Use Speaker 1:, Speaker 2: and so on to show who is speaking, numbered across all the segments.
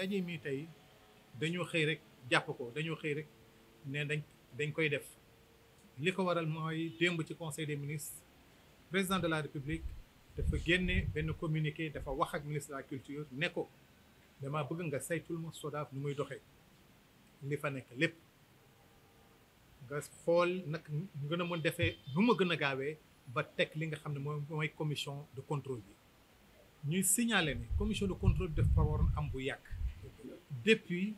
Speaker 1: daje mi tay dañu xey rek japp ko dañu xey rek né dañ dañ koy def li ko waral moy démb ci conseil des ministres président de la république dafa génné benn communiqué dafa wax ak ministre de la culture né ko dama bëgg nga saytul ma SODAV nu muy doxé li fa nek lépp nga xool nag ñu gën a mën defee nu ma gën a ba teg li nga xamné moy moom commission de contrôle bi ñuy signaler ni commission de contrôle def dafa waroon am bu yak depuis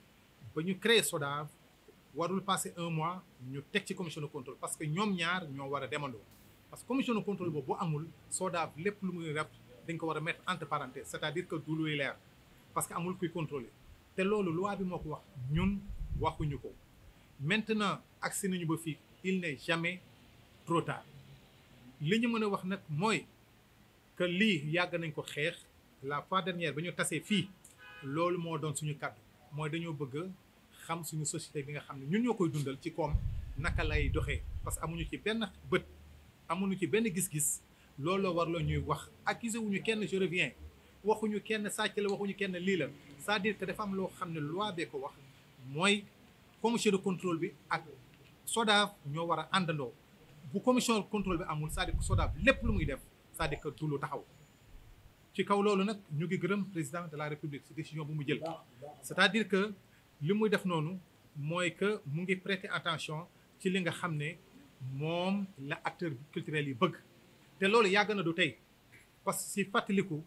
Speaker 1: nous ñu créer SODAV warul passé un mois ñu teg ci commission de contrôle parce que nous ñaar ñoo war demandé. parce que commission de contrôle boobu bu amul SODAV les lu muy rab dañ mettre entre parenthèses c'est-à-dire que du luy parce que amul kuy contrôler C'est ce loi bi moo ko wax ñun waxuñu maintenant nous nañu ba fii il n'est jamais trop tard li ñu mën wax nag que lii yàgg nañ ko xeex la fois dernière nous tassé fi. loolu moo doon suñu kàddu mooy dañoo bëgg xam suñu société bi nga xam ne ñun ñoo koy dundal ci koom naka lay doxee parce que amuñu ci benn bët amuñu ci benn gis-gis loolu loo war la ñuy wax accusé wuñu kenn je reviens waxuñu kenn sàcc la waxuñu kenn lii la sa à dire que dafa am loo xam ne loi bee ko wax mooy commission de contrôle bi ak SODAV ñoo war a àndandoo bu commission de bi amul c'est-à-dire que SODAV lépp lu muy def c'est-à-dire que du lu taxaw ci kaw loolu nag ñu ngi gërëm président de la république si décision bu mu jël c'est-à-dire que li muy def noonu mooy que mu ngi prêter attention ci li nga xam ne moom la acteur culturel yi bëgg te loolu yàgg na du tey parce que si fàttaliku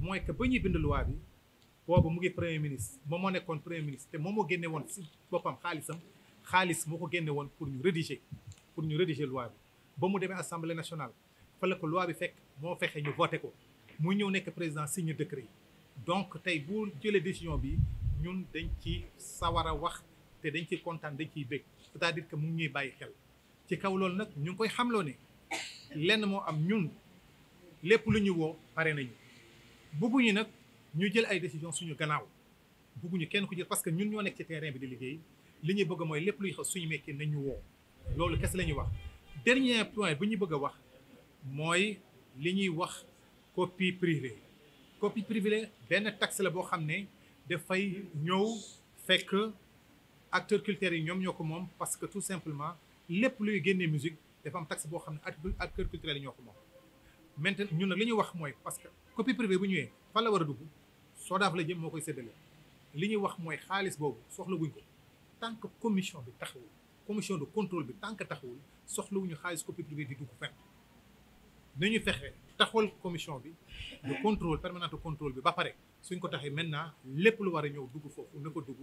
Speaker 1: mooy que ba ñuy bind loi bi boobu mu ngi premier ministre moom moo nekkoon premier ministre te momo moo génne woon si boppam xaalisam xaalis moo ko génne woon pour ñu rédiger pour ñu rédiger loi bi ba mu demee assemblée nationale fa la ko loi bi fekk moo fexe ñu voté ko mu ñëw nekk président signe décret donc tey bu jëlee décision bi ñun dañ ci sawar a wax te dañ ci kontaan dañ ciy bég c'est-à-dire que mu ngi ñuy bàyyi xel ci kaw loolu nag ñu ngi koy xamloo ne lenn moo am ñun lépp lu ñu woo pare nañu bugguñu nag ñu jël ay décision suñu gannaaw bugguñu kenn ku jël parce que ñun ñoo nekk ci terrain bi di liggéey li ñuy bëgg mooy lépp luy xew suñu métier nañu woo loolu kese la ñuy wax dernier point bi ñu bëgg a wax mooy li ñuy wax copie privée copie privée ben taxe la boo xam De fait, ñëw fekk acteurs culturels yi ñoom ñoo parce que tout simplement plus luy génnee musique dafa am taxe boo xam ne acteurs culturels yi ñoo maintenant ñun nag li ñu wax parce que copie privée bu ñëwee fan la war a dugg soo daaf la jëm moo koy séddale li ñuy wax moy xaliss bobu soxla wuñ ko tant que commission bi taxawul commission de contrôle bi tant que taxawul soxla wuñu xaliss copie privée di dugg fenn nañu fexe taxawal commission bi le contrôle permanent de contrôle bi ba pare suñ ko taxee maintenant lépp lu war a ñëw dugg foofu na ko dugg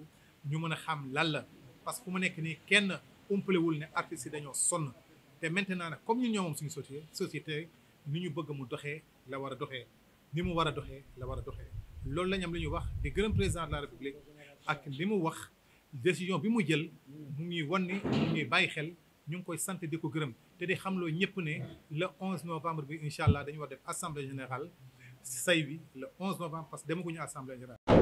Speaker 1: ñu mën a xam lan la parce que fu mu nekk nii kenn umpalewul ne artistes yi dañoo sonn te maintenant nag comme ñun ñoo moom suñu société société ni ñu bëgg mu doxee la war a doxee ni mu war a doxee la war a doxee loolu la ñam am li ñu wax di gërëm président de la république ak li mu wax décision bi mu jël mu ngi wan ni mu ngi bàyyi xel ñu ngi koy sant di ko gërëm te di xamloo ñëpp ne le 11 novembre bi incha allah dañu war def assemblée générale say bi le 11 novembre parce que demaguñu assemblée générale.